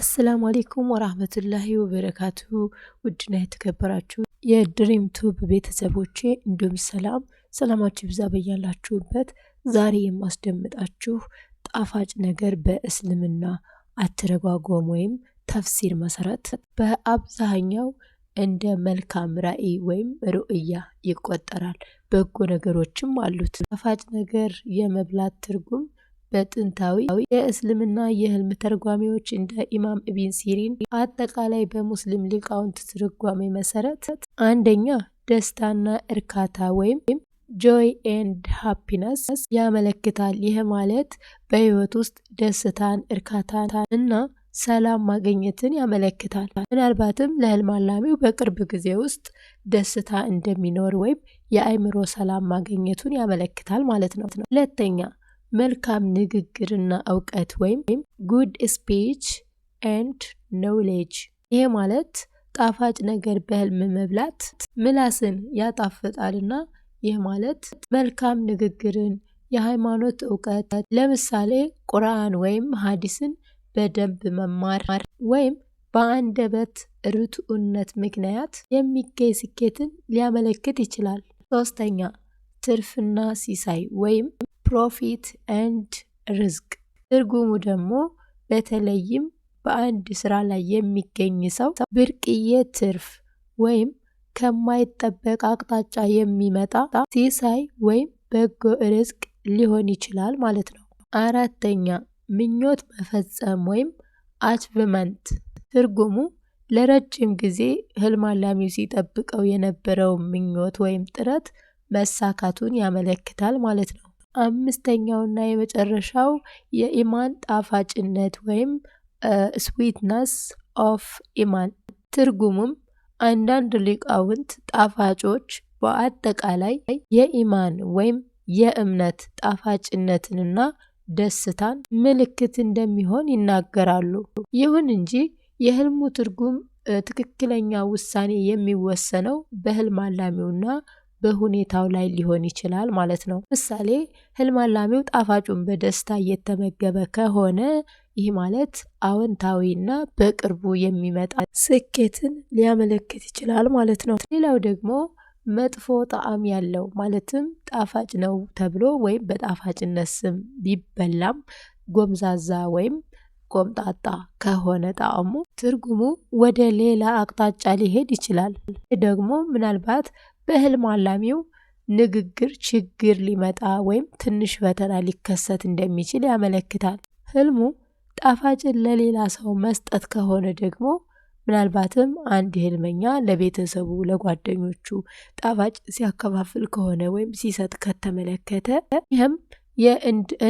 አሰላሙ አሌይኩም ወራህመቱላሂ ወበረካቱ። ውድና የተከበራችሁ የድሪም ቱብ ቤተሰቦቼ እንዲሁም ሰላም ሰላማችሁ ብዛ በያላችሁበት። ዛሬ የማስደምጣችሁ ጣፋጭ ነገር በእስልምና አተረጓጎም ወይም ተፍሲር መሰረት በአብዛኛው እንደ መልካም ራዕይ ወይም ሩእያ ይቆጠራል። በጎ ነገሮችም አሉት። ጣፋጭ ነገር የመብላት ትርጉም በጥንታዊ የእስልምና የህልም ተርጓሚዎች እንደ ኢማም ኢብን ሲሪን አጠቃላይ በሙስሊም ሊቃውንት ትርጓሜ መሰረት አንደኛ ደስታና እርካታ ወይም ጆይ ኤንድ ሃፒነስ ያመለክታል። ይህ ማለት በህይወት ውስጥ ደስታን፣ እርካታን እና ሰላም ማግኘትን ያመለክታል። ምናልባትም ለህልም አላሚው በቅርብ ጊዜ ውስጥ ደስታ እንደሚኖር ወይም የአእምሮ ሰላም ማግኘቱን ያመለክታል ማለት ነው። ሁለተኛ መልካም ንግግርና እውቀት ወይም ጉድ ስፒች ኤንድ ኖውሌጅ። ይሄ ማለት ጣፋጭ ነገር በህልም መብላት ምላስን ያጣፍጣልና ይህ ማለት መልካም ንግግርን፣ የሃይማኖት እውቀት ለምሳሌ ቁርአን ወይም ሀዲስን በደንብ መማር ወይም በአንደበት ርቱዕነት ምክንያት የሚገኝ ስኬትን ሊያመለክት ይችላል። ሶስተኛ ትርፍና ሲሳይ ወይም ፕሮፊት ኤንድ ሪዝቅ ትርጉሙ ደግሞ በተለይም በአንድ ስራ ላይ የሚገኝ ሰው ብርቅዬ ትርፍ ወይም ከማይጠበቅ አቅጣጫ የሚመጣ ሲሳይ ወይም በጎ ርዝቅ ሊሆን ይችላል ማለት ነው። አራተኛ ምኞት መፈጸም ወይም አችቭመንት ትርጉሙ ለረጅም ጊዜ ህልም አላሚው ሲጠብቀው የነበረው ምኞት ወይም ጥረት መሳካቱን ያመለክታል ማለት ነው። አምስተኛውና የመጨረሻው የኢማን ጣፋጭነት ወይም ስዊትነስ ኦፍ ኢማን ትርጉሙም አንዳንድ ሊቃውንት ጣፋጮች በአጠቃላይ የኢማን ወይም የእምነት ጣፋጭነትንና ደስታን ምልክት እንደሚሆን ይናገራሉ። ይሁን እንጂ የህልሙ ትርጉም ትክክለኛ ውሳኔ የሚወሰነው በህልም አላሚውና በሁኔታው ላይ ሊሆን ይችላል ማለት ነው። ምሳሌ ህልም አላሚው ጣፋጩን በደስታ እየተመገበ ከሆነ ይህ ማለት አዎንታዊና በቅርቡ የሚመጣ ስኬትን ሊያመለክት ይችላል ማለት ነው። ሌላው ደግሞ መጥፎ ጣዕም ያለው ማለትም ጣፋጭ ነው ተብሎ ወይም በጣፋጭነት ስም ቢበላም ጎምዛዛ ወይም ቆምጣጣ ከሆነ ጣዕሙ ትርጉሙ ወደ ሌላ አቅጣጫ ሊሄድ ይችላል። ደግሞ ምናልባት በህልም አላሚው ንግግር ችግር ሊመጣ ወይም ትንሽ ፈተና ሊከሰት እንደሚችል ያመለክታል። ህልሙ ጣፋጭን ለሌላ ሰው መስጠት ከሆነ ደግሞ ምናልባትም አንድ ህልመኛ ለቤተሰቡ፣ ለጓደኞቹ ጣፋጭ ሲያከፋፍል ከሆነ ወይም ሲሰጥ ከተመለከተ ይህም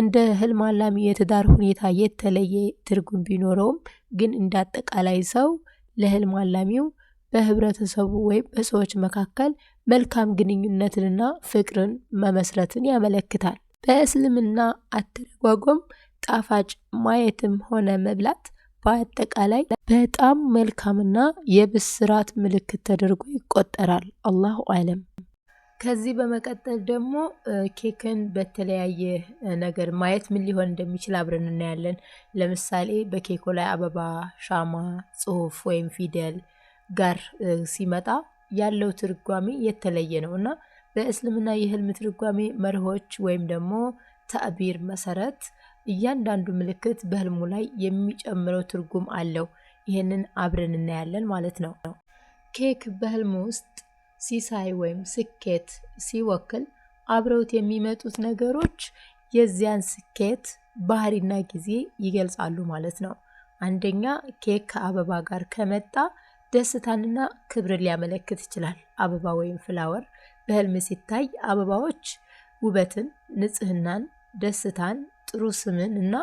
እንደ ህልም አላሚ የትዳር ሁኔታ የተለየ ትርጉም ቢኖረውም ግን እንዳጠቃላይ ሰው ለህልም አላሚው በህብረተሰቡ ወይም በሰዎች መካከል መልካም ግንኙነትንና ፍቅርን መመስረትን ያመለክታል። በእስልምና አተረጓጎም ጣፋጭ ማየትም ሆነ መብላት በአጠቃላይ በጣም መልካምና የብስራት ምልክት ተደርጎ ይቆጠራል። አላሁ አለም። ከዚህ በመቀጠል ደግሞ ኬክን በተለያየ ነገር ማየት ምን ሊሆን እንደሚችል አብረን እናያለን። ለምሳሌ በኬኩ ላይ አበባ፣ ሻማ፣ ጽሁፍ ወይም ፊደል ጋር ሲመጣ ያለው ትርጓሜ የተለየ ነው እና በእስልምና የህልም ትርጓሜ መርሆች ወይም ደግሞ ተዕቢር መሰረት እያንዳንዱ ምልክት በህልሙ ላይ የሚጨምረው ትርጉም አለው። ይህንን አብረን እናያለን ማለት ነው። ኬክ በህልም ውስጥ ሲሳይ ወይም ስኬት ሲወክል አብረውት የሚመጡት ነገሮች የዚያን ስኬት ባህሪና ጊዜ ይገልጻሉ ማለት ነው። አንደኛ ኬክ ከአበባ ጋር ከመጣ ደስታንና ክብርን ሊያመለክት ይችላል። አበባ ወይም ፍላወር በህልም ሲታይ አበባዎች ውበትን፣ ንጽህናን፣ ደስታን፣ ጥሩ ስምን እና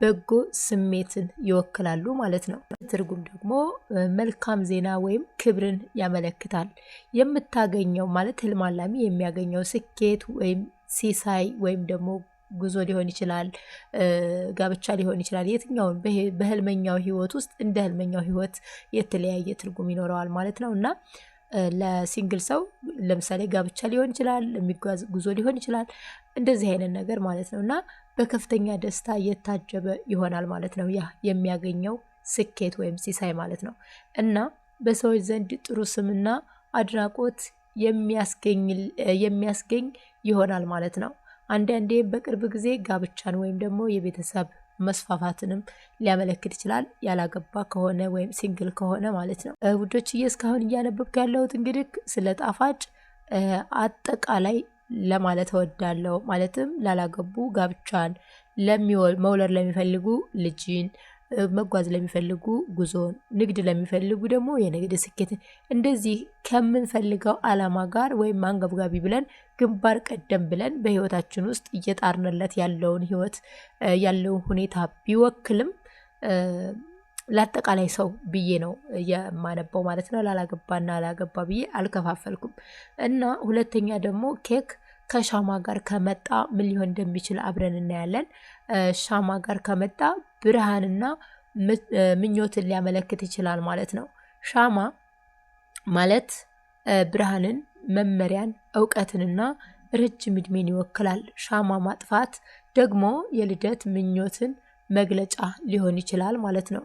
በጎ ስሜትን ይወክላሉ ማለት ነው። ትርጉም ደግሞ መልካም ዜና ወይም ክብርን ያመለክታል። የምታገኘው ማለት ህልም አላሚ የሚያገኘው ስኬት ወይም ሲሳይ ወይም ደግሞ ጉዞ ሊሆን ይችላል፣ ጋብቻ ሊሆን ይችላል። የትኛውን በህልመኛው ህይወት ውስጥ እንደ ህልመኛው ህይወት የተለያየ ትርጉም ይኖረዋል ማለት ነው እና ለሲንግል ሰው ለምሳሌ ጋብቻ ሊሆን ይችላል፣ የሚጓዝ ጉዞ ሊሆን ይችላል። እንደዚህ አይነት ነገር ማለት ነው እና በከፍተኛ ደስታ የታጀበ ይሆናል ማለት ነው ያ የሚያገኘው ስኬት ወይም ሲሳይ ማለት ነው እና በሰዎች ዘንድ ጥሩ ስምና አድናቆት የሚያስገኝ ይሆናል ማለት ነው። አንዳንዴ በቅርብ ጊዜ ጋብቻን ወይም ደግሞ የቤተሰብ መስፋፋትንም ሊያመለክት ይችላል። ያላገባ ከሆነ ወይም ሲንግል ከሆነ ማለት ነው። ውዶችዬ እስካሁን እያነበብኩ ያለሁት እንግዲህ ስለ ጣፋጭ አጠቃላይ ለማለት እወዳለሁ። ማለትም ላላገቡ ጋብቻን፣ መውለድ ለሚፈልጉ ልጅን መጓዝ ለሚፈልጉ ጉዞን፣ ንግድ ለሚፈልጉ ደግሞ የንግድ ስኬትን እንደዚህ ከምንፈልገው ዓላማ ጋር ወይም አንገብጋቢ ብለን ግንባር ቀደም ብለን በህይወታችን ውስጥ እየጣርንለት ያለውን ህይወት ያለውን ሁኔታ ቢወክልም ለአጠቃላይ ሰው ብዬ ነው የማነበው ማለት ነው። ላላገባና ላገባ ብዬ አልከፋፈልኩም እና ሁለተኛ ደግሞ ኬክ ከሻማ ጋር ከመጣ ምን ሊሆን እንደሚችል አብረን እናያለን። ሻማ ጋር ከመጣ ብርሃንና ምኞትን ሊያመለክት ይችላል ማለት ነው። ሻማ ማለት ብርሃንን፣ መመሪያን፣ እውቀትንና ረጅም እድሜን ይወክላል። ሻማ ማጥፋት ደግሞ የልደት ምኞትን መግለጫ ሊሆን ይችላል ማለት ነው።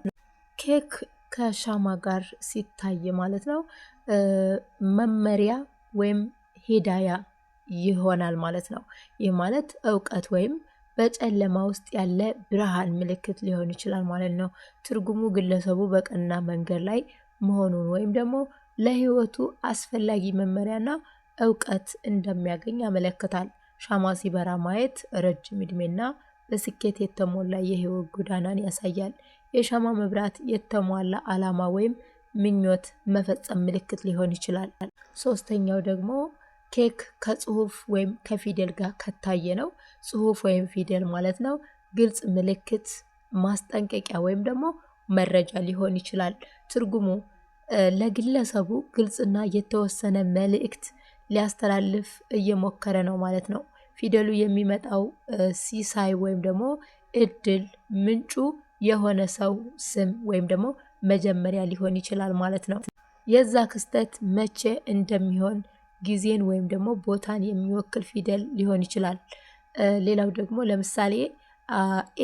ኬክ ከሻማ ጋር ሲታይ ማለት ነው መመሪያ ወይም ሂዳያ ይሆናል ማለት ነው። ይህ ማለት እውቀት ወይም በጨለማ ውስጥ ያለ ብርሃን ምልክት ሊሆን ይችላል ማለት ነው። ትርጉሙ ግለሰቡ በቀና መንገድ ላይ መሆኑን ወይም ደግሞ ለሕይወቱ አስፈላጊ መመሪያና እውቀት እንደሚያገኝ ያመለክታል። ሻማ ሲበራ ማየት ረጅም ዕድሜና በስኬት የተሞላ የሕይወት ጎዳናን ያሳያል። የሻማ መብራት የተሟላ ዓላማ ወይም ምኞት መፈጸም ምልክት ሊሆን ይችላል። ሶስተኛው ደግሞ ኬክ ከጽሁፍ ወይም ከፊደል ጋር ከታየ ነው። ጽሁፍ ወይም ፊደል ማለት ነው። ግልጽ ምልክት፣ ማስጠንቀቂያ ወይም ደግሞ መረጃ ሊሆን ይችላል። ትርጉሙ ለግለሰቡ ግልጽና የተወሰነ መልእክት ሊያስተላልፍ እየሞከረ ነው ማለት ነው። ፊደሉ የሚመጣው ሲሳይ ወይም ደግሞ እድል ምንጩ የሆነ ሰው ስም ወይም ደግሞ መጀመሪያ ሊሆን ይችላል ማለት ነው። የዛ ክስተት መቼ እንደሚሆን ጊዜን ወይም ደግሞ ቦታን የሚወክል ፊደል ሊሆን ይችላል። ሌላው ደግሞ ለምሳሌ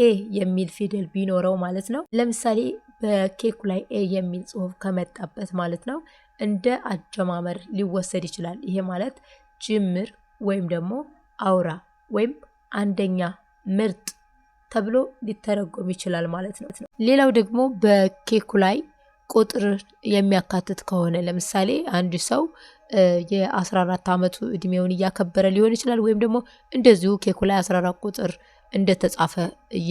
ኤ የሚል ፊደል ቢኖረው ማለት ነው። ለምሳሌ በኬኩ ላይ ኤ የሚል ጽሁፍ ከመጣበት ማለት ነው እንደ አጀማመር ሊወሰድ ይችላል። ይሄ ማለት ጅምር ወይም ደግሞ አውራ ወይም አንደኛ ምርጥ ተብሎ ሊተረጎም ይችላል ማለት ነው። ሌላው ደግሞ በኬኩ ላይ ቁጥር የሚያካትት ከሆነ ለምሳሌ አንድ ሰው የ14 ዓመቱ እድሜውን እያከበረ ሊሆን ይችላል። ወይም ደግሞ እንደዚሁ ኬኩ ላይ 14 ቁጥር እንደተጻፈ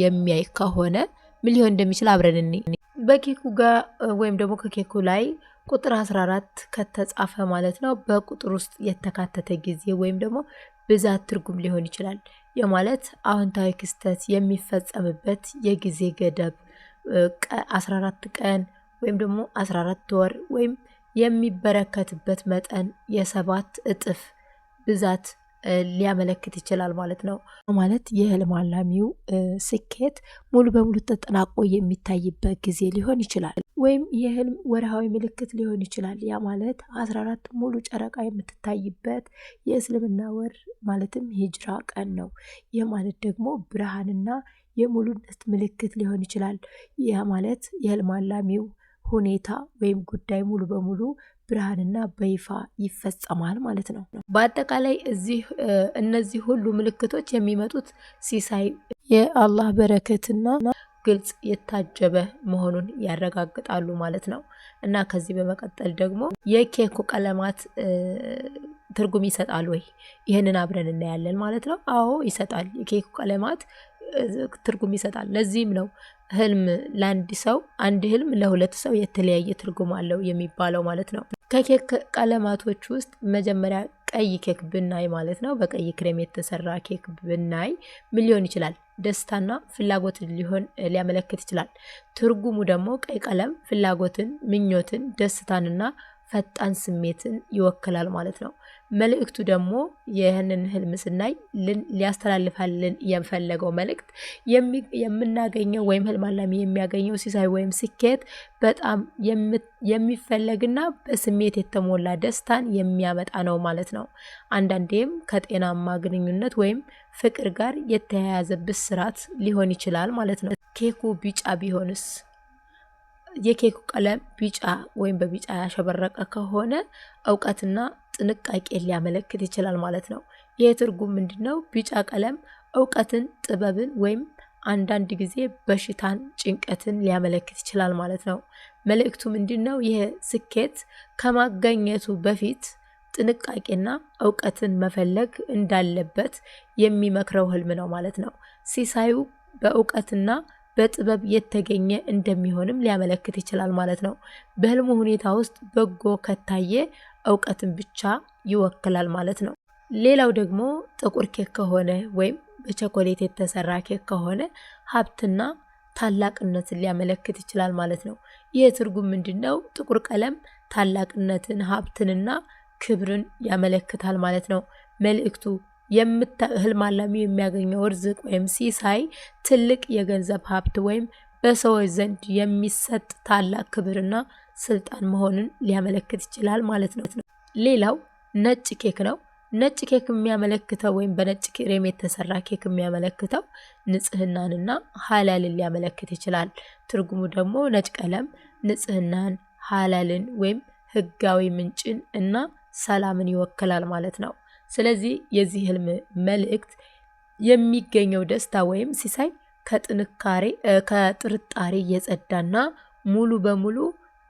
የሚያይ ከሆነ ምን ሊሆን እንደሚችል አብረን እኔ በኬኩ ጋር ወይም ደግሞ ከኬኩ ላይ ቁጥር 14 ከተጻፈ ማለት ነው በቁጥር ውስጥ የተካተተ ጊዜ ወይም ደግሞ ብዛት ትርጉም ሊሆን ይችላል። የማለት አዎንታዊ ክስተት የሚፈጸምበት የጊዜ ገደብ 14 ቀን ወይም ደግሞ 14 ወር ወይም የሚበረከትበት መጠን የሰባት እጥፍ ብዛት ሊያመለክት ይችላል ማለት ነው። ማለት የህልም አላሚው ስኬት ሙሉ በሙሉ ተጠናቆ የሚታይበት ጊዜ ሊሆን ይችላል፣ ወይም የህልም ወርሃዊ ምልክት ሊሆን ይችላል። ያ ማለት አስራ አራት ሙሉ ጨረቃ የምትታይበት የእስልምና ወር ማለትም ሂጅራ ቀን ነው። ይህ ማለት ደግሞ ብርሃንና የሙሉነት ምልክት ሊሆን ይችላል። ያ ማለት የህልም አላሚው ሁኔታ ወይም ጉዳይ ሙሉ በሙሉ ብርሃንና በይፋ ይፈጸማል ማለት ነው። በአጠቃላይ እዚህ እነዚህ ሁሉ ምልክቶች የሚመጡት ሲሳይ የአላህ በረከትና ግልጽ የታጀበ መሆኑን ያረጋግጣሉ ማለት ነው እና ከዚህ በመቀጠል ደግሞ የኬኩ ቀለማት ትርጉም ይሰጣል ወይ? ይህንን አብረን እናያለን ማለት ነው። አዎ ይሰጣል። የኬኩ ቀለማት ትርጉም ይሰጣል። ለዚህም ነው ህልም ለአንድ ሰው አንድ ህልም ለሁለት ሰው የተለያየ ትርጉም አለው የሚባለው ማለት ነው። ከኬክ ቀለማቶች ውስጥ መጀመሪያ ቀይ ኬክ ብናይ ማለት ነው፣ በቀይ ክሬም የተሰራ ኬክ ብናይ ምን ሊሆን ይችላል? ደስታና ፍላጎት ሊሆን ሊያመለክት ይችላል። ትርጉሙ ደግሞ ቀይ ቀለም ፍላጎትን፣ ምኞትን፣ ደስታንና ፈጣን ስሜትን ይወክላል ማለት ነው። መልእክቱ ደግሞ ይህንን ህልም ስናይ ሊያስተላልፋልን የፈለገው መልእክት የምናገኘው ወይም ህልም አላሚ የሚያገኘው ሲሳይ ወይም ስኬት በጣም የሚፈለግና በስሜት የተሞላ ደስታን የሚያመጣ ነው ማለት ነው። አንዳንዴም ከጤናማ ግንኙነት ወይም ፍቅር ጋር የተያያዘ ብስራት ሊሆን ይችላል ማለት ነው። ኬኩ ቢጫ ቢሆንስ? የኬኩ ቀለም ቢጫ ወይም በቢጫ ያሸበረቀ ከሆነ እውቀትና ጥንቃቄን ሊያመለክት ይችላል ማለት ነው። ይህ ትርጉም ምንድን ነው? ቢጫ ቀለም እውቀትን፣ ጥበብን ወይም አንዳንድ ጊዜ በሽታን፣ ጭንቀትን ሊያመለክት ይችላል ማለት ነው። መልእክቱ ምንድን ነው? ይህ ስኬት ከማገኘቱ በፊት ጥንቃቄና እውቀትን መፈለግ እንዳለበት የሚመክረው ህልም ነው ማለት ነው። ሲሳዩ በእውቀትና በጥበብ የተገኘ እንደሚሆንም ሊያመለክት ይችላል ማለት ነው። በህልሙ ሁኔታ ውስጥ በጎ ከታየ እውቀትን ብቻ ይወክላል ማለት ነው። ሌላው ደግሞ ጥቁር ኬክ ከሆነ ወይም በቸኮሌት የተሰራ ኬክ ከሆነ ሀብትና ታላቅነትን ሊያመለክት ይችላል ማለት ነው። ይህ ትርጉም ምንድን ነው? ጥቁር ቀለም ታላቅነትን፣ ሀብትንና ክብርን ያመለክታል ማለት ነው። መልእክቱ ህልም የሚያገኘው እርዝቅ ወይም ሲሳይ ትልቅ የገንዘብ ሀብት ወይም በሰዎች ዘንድ የሚሰጥ ታላቅ ክብርና ስልጣን መሆንን ሊያመለክት ይችላል ማለት ነው። ሌላው ነጭ ኬክ ነው። ነጭ ኬክ የሚያመለክተው ወይም በነጭ ክሬም የተሰራ ኬክ የሚያመለክተው ንጽህናንና ሀላልን ሊያመለክት ይችላል። ትርጉሙ ደግሞ ነጭ ቀለም ንጽህናን፣ ሀላልን ወይም ህጋዊ ምንጭን እና ሰላምን ይወክላል ማለት ነው። ስለዚህ የዚህ ህልም መልእክት የሚገኘው ደስታ ወይም ሲሳይ ከጥንካሬ ከጥርጣሬ እየጸዳና ሙሉ በሙሉ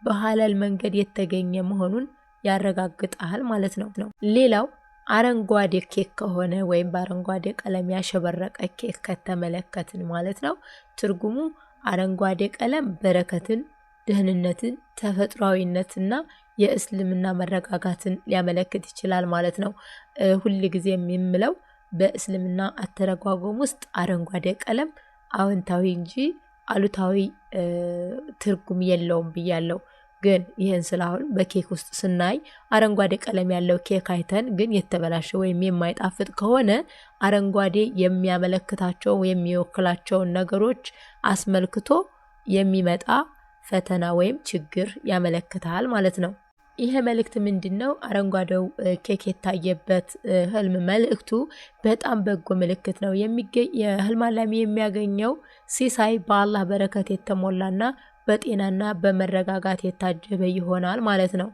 በሀላል መንገድ የተገኘ መሆኑን ያረጋግጣል ማለት ነው ነው ሌላው አረንጓዴ ኬክ ከሆነ ወይም በአረንጓዴ ቀለም ያሸበረቀ ኬክ ከተመለከትን ማለት ነው ትርጉሙ አረንጓዴ ቀለም በረከትን፣ ደህንነትን፣ ተፈጥሯዊነትና የእስልምና መረጋጋትን ሊያመለክት ይችላል ማለት ነው። ሁል ጊዜ የምለው በእስልምና አተረጓጎም ውስጥ አረንጓዴ ቀለም አዎንታዊ እንጂ አሉታዊ ትርጉም የለውም ብያለው። ግን ይህን ስለ በኬክ ውስጥ ስናይ አረንጓዴ ቀለም ያለው ኬክ አይተን ግን የተበላሸ ወይም የማይጣፍጥ ከሆነ አረንጓዴ የሚያመለክታቸውን የሚወክላቸውን ነገሮች አስመልክቶ የሚመጣ ፈተና ወይም ችግር ያመለክታል ማለት ነው። ይሄ መልእክት ምንድን ነው? አረንጓዴው ኬክ የታየበት ህልም መልእክቱ በጣም በጎ ምልክት ነው። የሚገኝ የህልም አላሚ የሚያገኘው ሲሳይ በአላህ በረከት የተሞላና በጤናና በመረጋጋት የታጀበ ይሆናል ማለት ነው።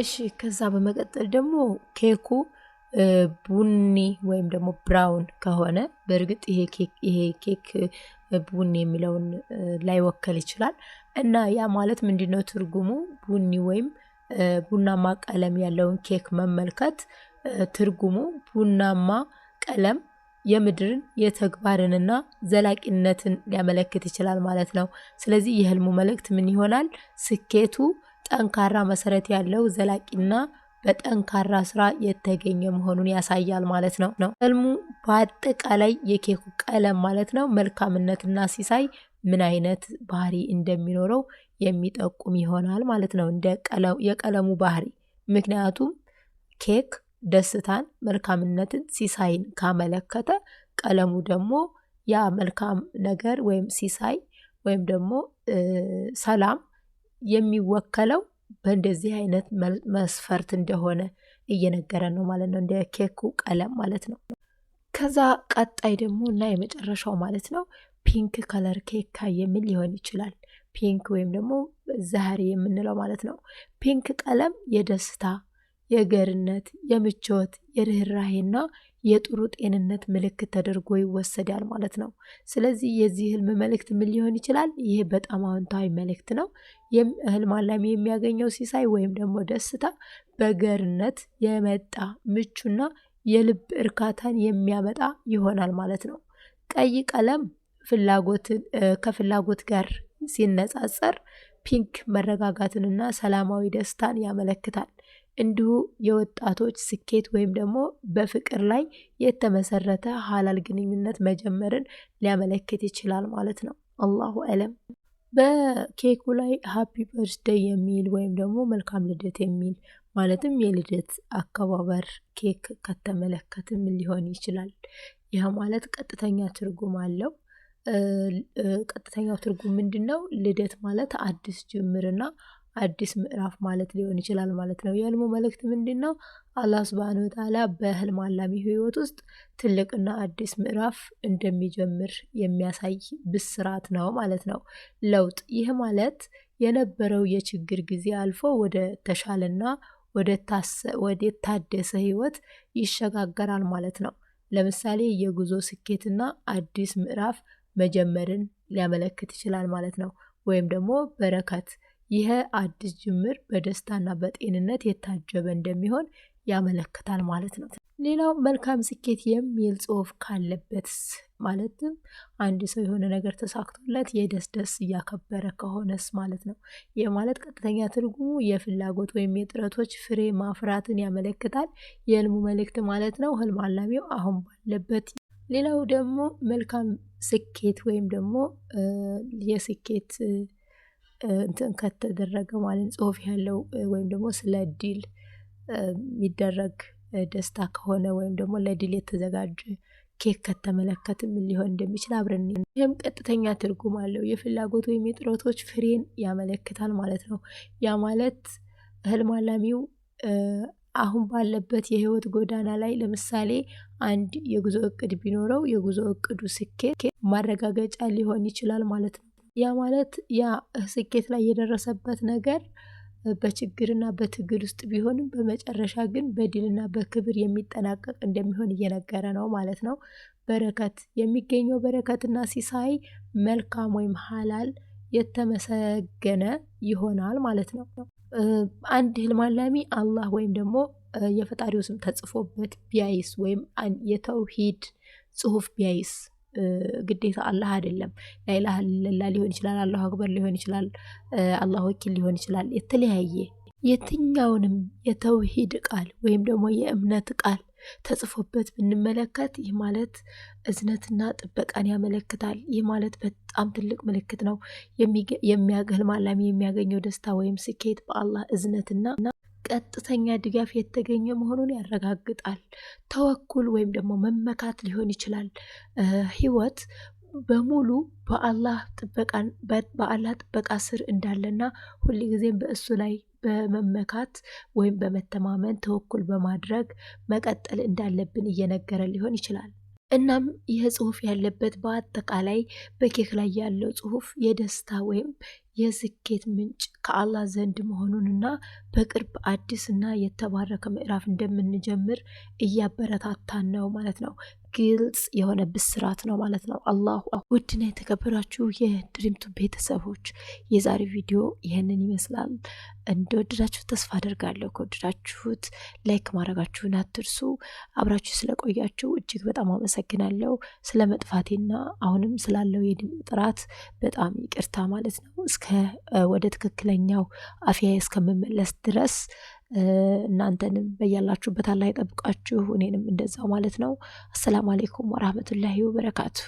እሺ ከዛ በመቀጠል ደግሞ ኬኩ ቡኒ ወይም ደግሞ ብራውን ከሆነ በእርግጥ ይሄ ኬክ ቡኒ የሚለውን ላይወከል ይችላል እና ያ ማለት ምንድነው ትርጉሙ ቡኒ ወይም ቡናማ ቀለም ያለውን ኬክ መመልከት ትርጉሙ ቡናማ ቀለም የምድርን የተግባርንና ዘላቂነትን ሊያመለክት ይችላል ማለት ነው። ስለዚህ የህልሙ መልእክት ምን ይሆናል? ስኬቱ ጠንካራ መሰረት ያለው ዘላቂና በጠንካራ ስራ የተገኘ መሆኑን ያሳያል ማለት ነው ነው ህልሙ በአጠቃላይ የኬኩ ቀለም ማለት ነው መልካምነትና ሲሳይ ምን አይነት ባህሪ እንደሚኖረው የሚጠቁም ይሆናል ማለት ነው እንደ የቀለሙ ባህሪ ምክንያቱም ኬክ ደስታን፣ መልካምነትን፣ ሲሳይን ካመለከተ ቀለሙ ደግሞ ያ መልካም ነገር ወይም ሲሳይ ወይም ደግሞ ሰላም የሚወከለው በእንደዚህ አይነት መስፈርት እንደሆነ እየነገረ ነው ማለት ነው። እንደ ኬኩ ቀለም ማለት ነው። ከዛ ቀጣይ ደግሞ እና የመጨረሻው ማለት ነው ፒንክ ከለር ኬክ የሚል ሊሆን ይችላል። ፒንክ ወይም ደግሞ ዛህሪ የምንለው ማለት ነው። ፒንክ ቀለም የደስታ የገርነት፣ የምቾት፣ የርኅራሄና የጥሩ ጤንነት ምልክት ተደርጎ ይወሰዳል ማለት ነው። ስለዚህ የዚህ ህልም መልእክት ምን ሊሆን ይችላል? ይህ በጣም አዎንታዊ መልእክት ነው። ህልም አላሚ የሚያገኘው ሲሳይ ወይም ደግሞ ደስታ በገርነት የመጣ ምቹና የልብ እርካታን የሚያመጣ ይሆናል ማለት ነው። ቀይ ቀለም ከፍላጎት ጋር ሲነጻጸር ፒንክ መረጋጋትንና ሰላማዊ ደስታን ያመለክታል። እንዲሁ የወጣቶች ስኬት ወይም ደግሞ በፍቅር ላይ የተመሰረተ ሀላል ግንኙነት መጀመርን ሊያመለክት ይችላል ማለት ነው። አላሁ አለም። በኬኩ ላይ ሀፒ በርስደይ የሚል ወይም ደግሞ መልካም ልደት የሚል ማለትም የልደት አከባበር ኬክ ከተመለከትም ሊሆን ይችላል። ይህ ማለት ቀጥተኛ ትርጉም አለው። ቀጥተኛው ትርጉም ምንድን ነው? ልደት ማለት አዲስ ጅምርና አዲስ ምዕራፍ ማለት ሊሆን ይችላል ማለት ነው። የህልሙ መልእክት ምንድን ነው? አላህ ስብሃነ ወተዓላ በህልም አላሚ ህይወት ውስጥ ትልቅና አዲስ ምዕራፍ እንደሚጀምር የሚያሳይ ብስራት ነው ማለት ነው። ለውጥ ይህ ማለት የነበረው የችግር ጊዜ አልፎ ወደ ተሻለና ወደ ታደሰ ህይወት ይሸጋገራል ማለት ነው። ለምሳሌ የጉዞ ስኬትና አዲስ ምዕራፍ መጀመርን ሊያመለክት ይችላል ማለት ነው። ወይም ደግሞ በረከት ይህ አዲስ ጅምር በደስታና በጤንነት የታጀበ እንደሚሆን ያመለክታል ማለት ነው። ሌላው መልካም ስኬት የሚል ጽሁፍ ካለበት ማለትም አንድ ሰው የሆነ ነገር ተሳክቶለት የደስ ደስ እያከበረ ከሆነስ ማለት ነው። ይህ ማለት ቀጥተኛ ትርጉሙ የፍላጎት ወይም የጥረቶች ፍሬ ማፍራትን ያመለክታል። የህልሙ መልእክት ማለት ነው። ህልም አላሚው አሁን ባለበት። ሌላው ደግሞ መልካም ስኬት ወይም ደግሞ የስኬት እንትን ከተደረገ ማለት ጽሁፍ ያለው ወይም ደግሞ ስለ ዲል የሚደረግ ደስታ ከሆነ ወይም ደግሞ ለዲል የተዘጋጀ ኬክ ከተመለከት ምን ሊሆን እንደሚችል አብረን። ይህም ቀጥተኛ ትርጉም አለው። የፍላጎት ወይም የጥረቶች ፍሬን ያመለክታል ማለት ነው። ያ ማለት ህልም አላሚው አሁን ባለበት የህይወት ጎዳና ላይ ለምሳሌ አንድ የጉዞ እቅድ ቢኖረው የጉዞ እቅዱ ስኬት ማረጋገጫ ሊሆን ይችላል ማለት ነው። ያ ማለት ያ ስኬት ላይ የደረሰበት ነገር በችግርና በትግል ውስጥ ቢሆንም በመጨረሻ ግን በድልና በክብር የሚጠናቀቅ እንደሚሆን እየነገረ ነው ማለት ነው። በረከት የሚገኘው በረከትና ሲሳይ መልካም ወይም ሀላል የተመሰገነ ይሆናል ማለት ነው። አንድ ህልም አላሚ አላህ ወይም ደግሞ የፈጣሪው ስም ተጽፎበት ቢያይስ ወይም የተውሂድ ጽሁፍ ቢያይስ ግዴታ አላህ አይደለም። ላይላህ ለላ ሊሆን ይችላል፣ አላሁ አክበር ሊሆን ይችላል፣ አላሁ ወኪል ሊሆን ይችላል። የተለያየ የትኛውንም የተውሂድ ቃል ወይም ደግሞ የእምነት ቃል ተጽፎበት ብንመለከት ይህ ማለት እዝነትና ጥበቃን ያመለክታል። ይህ ማለት በጣም ትልቅ ምልክት ነው። የሚያገል ማላሚ የሚያገኘው ደስታ ወይም ስኬት በአላህ እዝነትና ቀጥተኛ ድጋፍ የተገኘ መሆኑን ያረጋግጣል። ተወኩል ወይም ደግሞ መመካት ሊሆን ይችላል። ህይወት በሙሉ በአላህ ጥበቃ ስር እንዳለና ሁልጊዜም በእሱ ላይ በመመካት ወይም በመተማመን ተወኩል በማድረግ መቀጠል እንዳለብን እየነገረ ሊሆን ይችላል። እናም ይህ ጽሁፍ ያለበት በአጠቃላይ በኬክ ላይ ያለው ጽሁፍ የደስታ ወይም የስኬት ምንጭ ከአላህ ዘንድ መሆኑንና በቅርብ አዲስ እና የተባረከ ምዕራፍ እንደምንጀምር እያበረታታን ነው ማለት ነው። ግልጽ የሆነ ብስራት ነው ማለት ነው። አላሁ ውድና የተከበራችሁ የድሪምቱ ቤተሰቦች የዛሬ ቪዲዮ ይህንን ይመስላል። እንደወደዳችሁ ተስፋ አደርጋለሁ። ከወደዳችሁት ላይክ ማድረጋችሁን አትርሱ። አብራችሁ ስለቆያችሁ እጅግ በጣም አመሰግናለሁ። ስለ መጥፋቴና አሁንም ስላለው የድምፅ ጥራት በጣም ይቅርታ ማለት ነው። እስከ ወደ ትክክለኛው አፍያ እስከምመለስ ድረስ እናንተንም በያላችሁበት አላህ ይጠብቃችሁ፣ እኔንም እንደዛው ማለት ነው። አሰላሙ አሌይኩም ወራህመቱላሂ ወበረካቱ።